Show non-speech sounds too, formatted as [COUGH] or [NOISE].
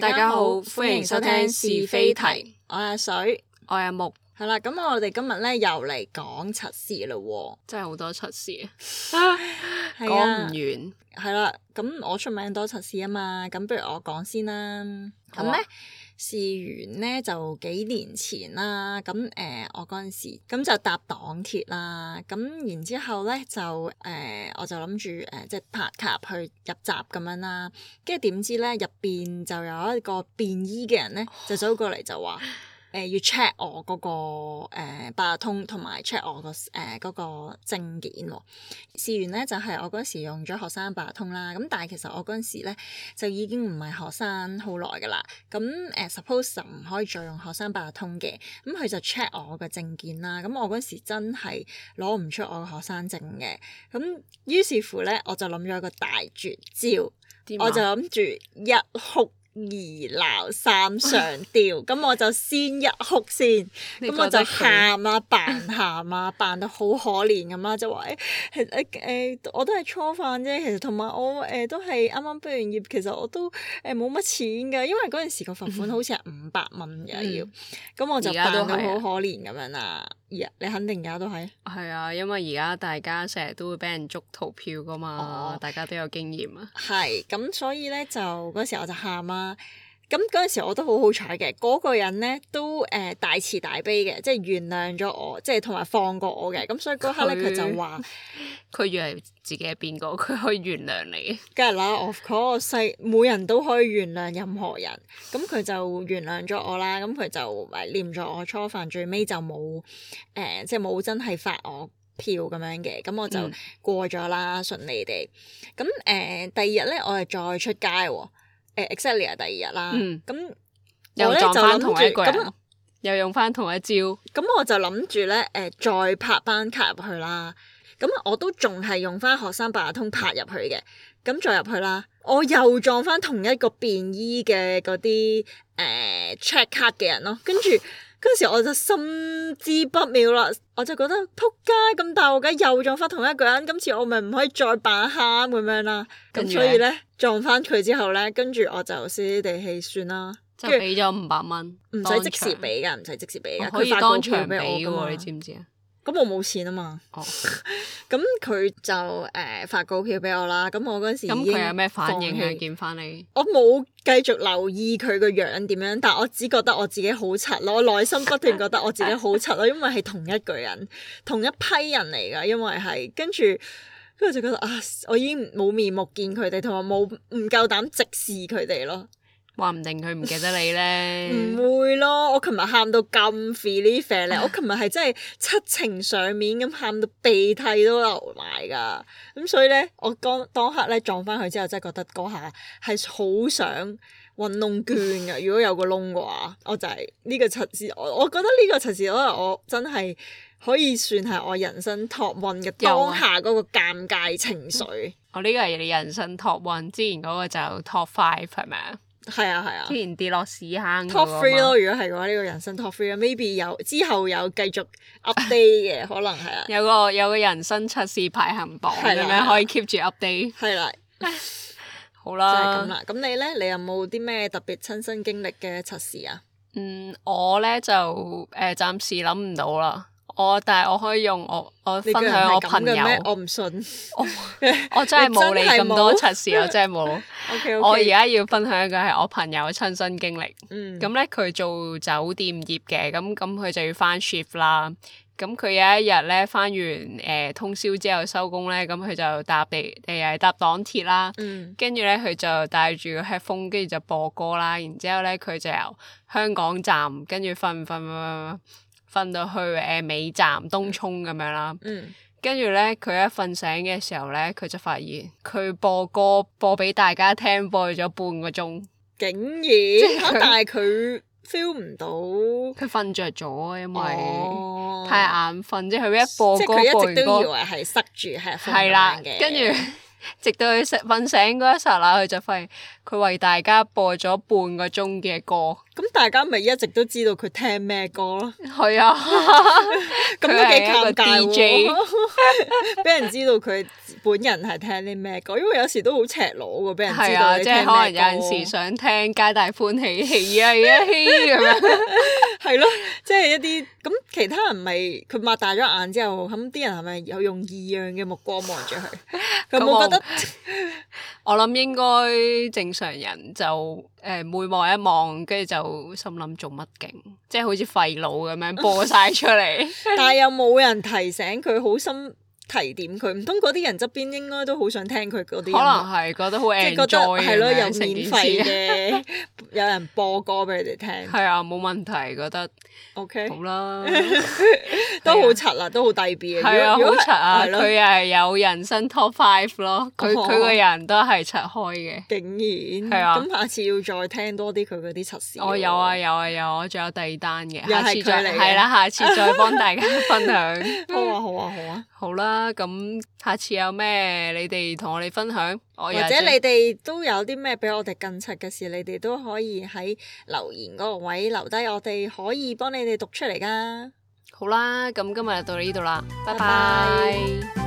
大家好，歡迎收聽是非題。我係阿水，我係阿木，係啦。咁我哋今日咧又嚟講測試啦喎，真係好多測試啊，講 [LAUGHS] 唔完。係啦，咁我出名多測試啊嘛，咁不如我先講先啦。咁咧嗎。試完咧就幾年前啦，咁誒、呃、我嗰陣時咁就搭港鐵啦，咁然之後咧就誒、呃、我就諗住誒即係拍卡去入閘咁樣啦，跟住點知咧入邊就有一個便衣嘅人咧就走過嚟就話。 [LAUGHS] 誒、呃、要 check 我嗰、那個八達、呃、通同埋 check 我個誒嗰個證件喎，事緣咧就係、是、我嗰時用咗學生八達通啦，咁但係其實我嗰時咧就已經唔係學生好耐㗎啦，咁誒、呃、suppose 唔可以再用學生八達通嘅，咁佢就 check 我個證件啦，咁我嗰時真係攞唔出我學生證嘅，咁於是乎咧我就諗咗一個大絕招，啊、我就諗住一哭。二鬧三上吊，咁 [LAUGHS] 我就先一哭先，咁我就喊啊，扮喊啊，扮到好可憐咁、啊、啦，就話誒係誒誒，我都係初犯啫，其實同埋我誒都係啱啱畢完業，其實我都誒冇乜錢㗎，因為嗰陣時個罰款好似係五百蚊嘅要，咁、嗯嗯、我就扮到好可憐咁樣啦。你肯定而家都係。係啊，因為而家大家成日都會俾人捉逃票噶嘛，哦、大家都有經驗啊。係咁，所以咧就嗰時候我就喊啦。咁嗰陣時我都好好彩嘅，嗰、嗰個人咧都誒、呃、大慈大悲嘅，即係原諒咗我，即係同埋放過我嘅。咁所以嗰刻咧，佢他就話。 [LAUGHS] 佢以為自己係邊個？佢可以原諒你。梗係啦，我 of course 細每人都可以原諒任何人。咁佢就原諒咗我啦。咁佢就咪念咗我初犯，最尾就冇誒、呃，即係冇真係發我票咁樣嘅。咁我就過咗啦，嗯、順利地。咁誒、呃，第二日咧，我係再出街喎。excuse me 第二日啦。嗯。咁，又撞翻同一個人。咁又用翻同一招。咁我就諗住咧誒，再拍班卡入去啦。咁我都仲係用翻學生八達通拍入去嘅，咁再入去啦，我又撞翻同一個便衣嘅嗰啲誒 check 卡嘅人咯，跟住嗰陣時我就心知不妙啦，我就覺得仆街咁大，我梗又撞翻同一個人，今次我咪唔可以再扮啱咁樣啦，咁所以咧撞翻佢之後咧，跟住我就死死地氣算啦，即係俾咗五百蚊，唔使即時俾噶，唔使場即時俾噶，佢以當場俾喎，你知唔知啊？我冇錢啊嘛，哦，咁佢 [LAUGHS] 就誒、呃、發告票俾我啦。咁我嗰陣時已經望。咁佢有咩反應？見翻你。我冇繼續留意佢個樣點樣，但我只覺得我自己好柒咯。我內心不斷覺得我自己好柒咯， [LAUGHS] 因為係同一個人、同一批人嚟㗎。因為係跟住，跟住就覺得啊，我已經冇面目見佢哋，同埋冇唔夠膽直視佢哋咯。話唔定佢唔記得你咧。唔 [LAUGHS] 會咯。我琴日喊到咁 free 咧，ee, 我琴日係真係七情上面咁喊到鼻涕都流埋噶，咁所以咧，我剛當刻咧撞翻去之後，真係覺得嗰下係好想揾窿捐噶。如果有個窿嘅話，我就係呢個陳事。我我覺得呢個陳事可能我真係可以算係我人生 top one 嘅當下嗰個尷尬情緒。有啊、 [LAUGHS] 我呢個係你人生 top one，之前嗰個就 top five 係咪啊？係啊係啊，之前、啊、跌落屎坑㗎、喎、Top three 咯，如果係嘅話，呢、呢個人生 Top three 啊，maybe 有之後有繼續 update 嘅， [LAUGHS] 可能係啊。有個有個人生測試排行榜咁樣，啊、可以 keep 住 update。係 [LAUGHS] 啦、啊。 [LAUGHS] 好啦。就係咁啦。咁你咧？你有冇啲咩特別親身經歷嘅測試啊？嗯，我咧就誒、呃，暫時諗唔到啦。我但係我可以用我我分享我朋友，我唔信， [LAUGHS] 我我真係冇你咁多測試， [LAUGHS] 真我真係冇。 [LAUGHS] okay, okay. 我而家要分享一個係我朋友嘅親身經歷。嗯。咁咧佢做酒店業嘅，咁咁佢就要翻 shift 啦。咁佢有一日咧翻完誒、呃、通宵之後收工咧，咁佢就搭地誒又係搭黨鐵啦。跟住咧，佢就戴住個 headphone，跟住就播歌啦。然之後咧，佢就由香港站跟住瞓瞓瞓瞓瞓，瞓到去誒、呃、尾站東涌咁樣啦，跟住咧佢一瞓醒嘅時候咧，佢就發現佢播歌播俾大家聽播咗半個鐘，竟然但係佢 feel 唔到，佢瞓着咗，因為、哦、太眼瞓即係。佢一播歌播完歌，都以為係來塞住係啦，跟住直到佢食瞓醒嗰一剎那，佢就發現佢為大家播咗半個鐘嘅歌。咁大家咪一直都知道佢聽咩歌咯？係啊，咁都幾尷尬喎！俾人知道佢本人係聽啲咩歌，因為有時都好赤裸嘅，俾人知道你聽咩歌。即係可能有陣時想聽皆大歡喜喜啊喜啊喜咁樣，係咯，即係一啲。其他人咪佢擘大咗眼之後，咁啲人係咪有用異樣嘅目光望住佢？佢冇 [LAUGHS] [LAUGHS] 覺得 [LAUGHS] 我。我諗應該正常人就誒每望一望，跟住就心諗做乜勁，即係好似廢腦咁樣播晒出嚟。但係有冇人提醒佢好心？提點佢，唔通嗰啲人側邊應該都好想聽佢嗰啲。可能係覺得好 e n j 咯，又免費嘅，有人播歌俾你哋聽。係啊，冇問題，覺得。O K。好啦。都好柒啦，都好低 B。係好啊！佢係有人生 top five 咯，佢佢個人都係柒開嘅。竟然。係啊。咁下次要再聽多啲佢啲我有啊有啊有，仲有第二單嘅，下次再係啦，下次再幫大家分享。好啊好啊好啊！好啦。咁下次有咩你哋同我哋分享，或者你哋都有啲咩比我哋更柒嘅事，你哋都可以喺留言嗰個位留低，我哋可以幫你哋讀出嚟噶。好啦，咁今日就到呢度啦，拜拜。Bye bye